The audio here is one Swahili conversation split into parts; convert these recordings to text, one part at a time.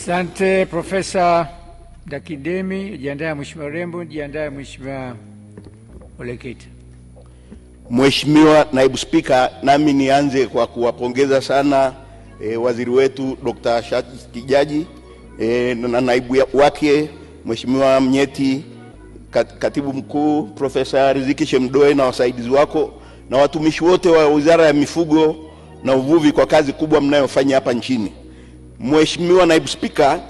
Asante Profesa Dakidemi. Jiandae Mheshimiwa Rembo, jiandae Mheshimiwa Olekita. Mheshimiwa Naibu Spika, nami nianze kwa kuwapongeza sana e, waziri wetu Dr. Kijaji e, na naibu wake Mheshimiwa Mnyeti, kat, katibu mkuu Profesa Riziki Shemdoe na wasaidizi wako na watumishi wote wa Wizara ya Mifugo na Uvuvi kwa kazi kubwa mnayofanya hapa nchini. Mheshimiwa Naibu Spika,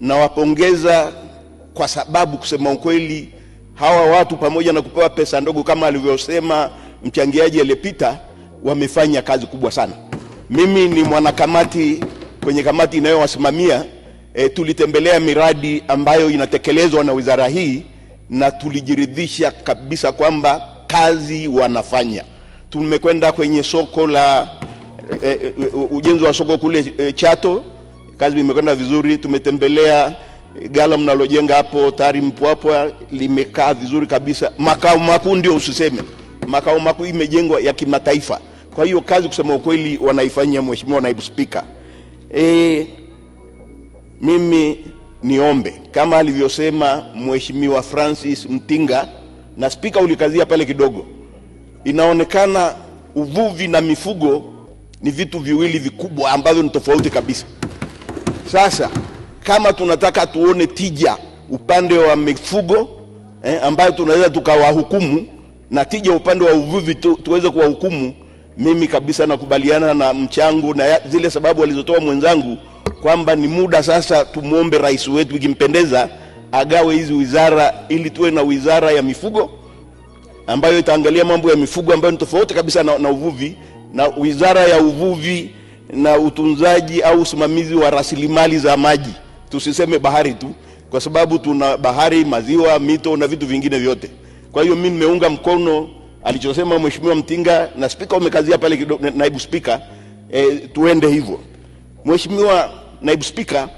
nawapongeza kwa sababu kusema ukweli hawa watu pamoja na kupewa pesa ndogo kama alivyosema mchangiaji aliyepita, wamefanya kazi kubwa sana. Mimi ni mwanakamati kwenye kamati inayowasimamia e, tulitembelea miradi ambayo inatekelezwa na wizara hii na tulijiridhisha kabisa kwamba kazi wanafanya. Tumekwenda kwenye soko la e, ujenzi wa soko kule e, Chato Kazi imekwenda vizuri, tumetembelea gala mnalojenga hapo tayari Mpwapwa limekaa vizuri kabisa. Makao makuu ndio usiseme, makao makuu imejengwa ya kimataifa. Kwa hiyo kazi kusema ukweli wanaifanyia, Mheshimiwa Naibu Spika. E, mimi niombe kama alivyosema Mheshimiwa Francis Mtinga na spika ulikazia pale kidogo, inaonekana uvuvi na mifugo ni vitu viwili vikubwa ambavyo ni tofauti kabisa. Sasa kama tunataka tuone tija upande wa mifugo eh, ambayo tunaweza tukawahukumu na tija upande wa uvuvi tu, tuweze kuwahukumu. Mimi kabisa nakubaliana na mchango na zile sababu alizotoa mwenzangu kwamba ni muda sasa tumwombe rais wetu, ikimpendeza agawe hizi wizara ili tuwe na wizara ya mifugo ambayo itaangalia mambo ya mifugo ambayo ni tofauti kabisa na, na uvuvi na wizara ya uvuvi na utunzaji au usimamizi wa rasilimali za maji, tusiseme bahari tu, kwa sababu tuna bahari, maziwa, mito na vitu vingine vyote. Kwa hiyo mimi nimeunga mkono alichosema Mheshimiwa Mtinga na spika umekazia pale kidogo, naibu spika e, tuende hivyo. Mheshimiwa naibu spika,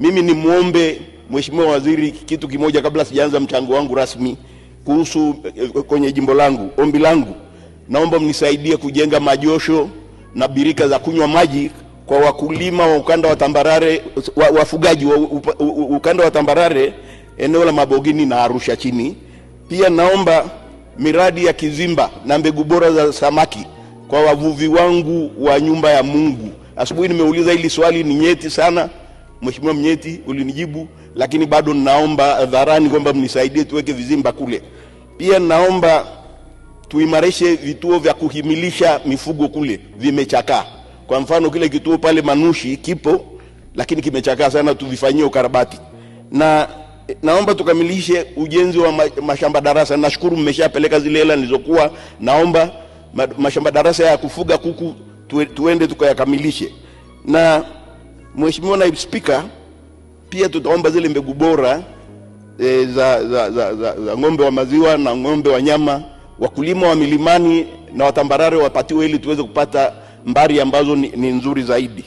mimi nimwombe Mheshimiwa waziri kitu kimoja kabla sijaanza mchango wangu rasmi kuhusu e, kwenye jimbo langu. Ombi langu naomba mnisaidie kujenga majosho na birika za kunywa maji kwa wakulima wa ukanda wa tambarare, wafugaji wa ukanda wa tambarare eneo la Mabogini na Arusha chini. Pia naomba miradi ya kizimba na mbegu bora za samaki kwa wavuvi wangu wa nyumba ya Mungu. Asubuhi nimeuliza hili swali, ni nyeti sana Mheshimiwa Mnyeti, ulinijibu lakini bado naomba hadharani kwamba mnisaidie tuweke vizimba kule. Pia naomba tuimarishe vituo vya kuhimilisha mifugo kule, vimechakaa. Kwa mfano kile kituo pale Manushi kipo lakini kimechakaa sana, tuvifanyie ukarabati na naomba tukamilishe ujenzi wa mashamba darasa. Nashukuru mmeshapeleka zile hela nilizokuwa naomba. Mashamba darasa ya kufuga kuku tuende tukayakamilishe. Na Mheshimiwa Naibu Spika, pia tutaomba zile mbegu bora e, za, za, za, za, za ng'ombe wa maziwa na ng'ombe wa nyama wakulima wa milimani na watambarare wapatiwe, ili tuweze kupata mbari ambazo ni, ni nzuri zaidi.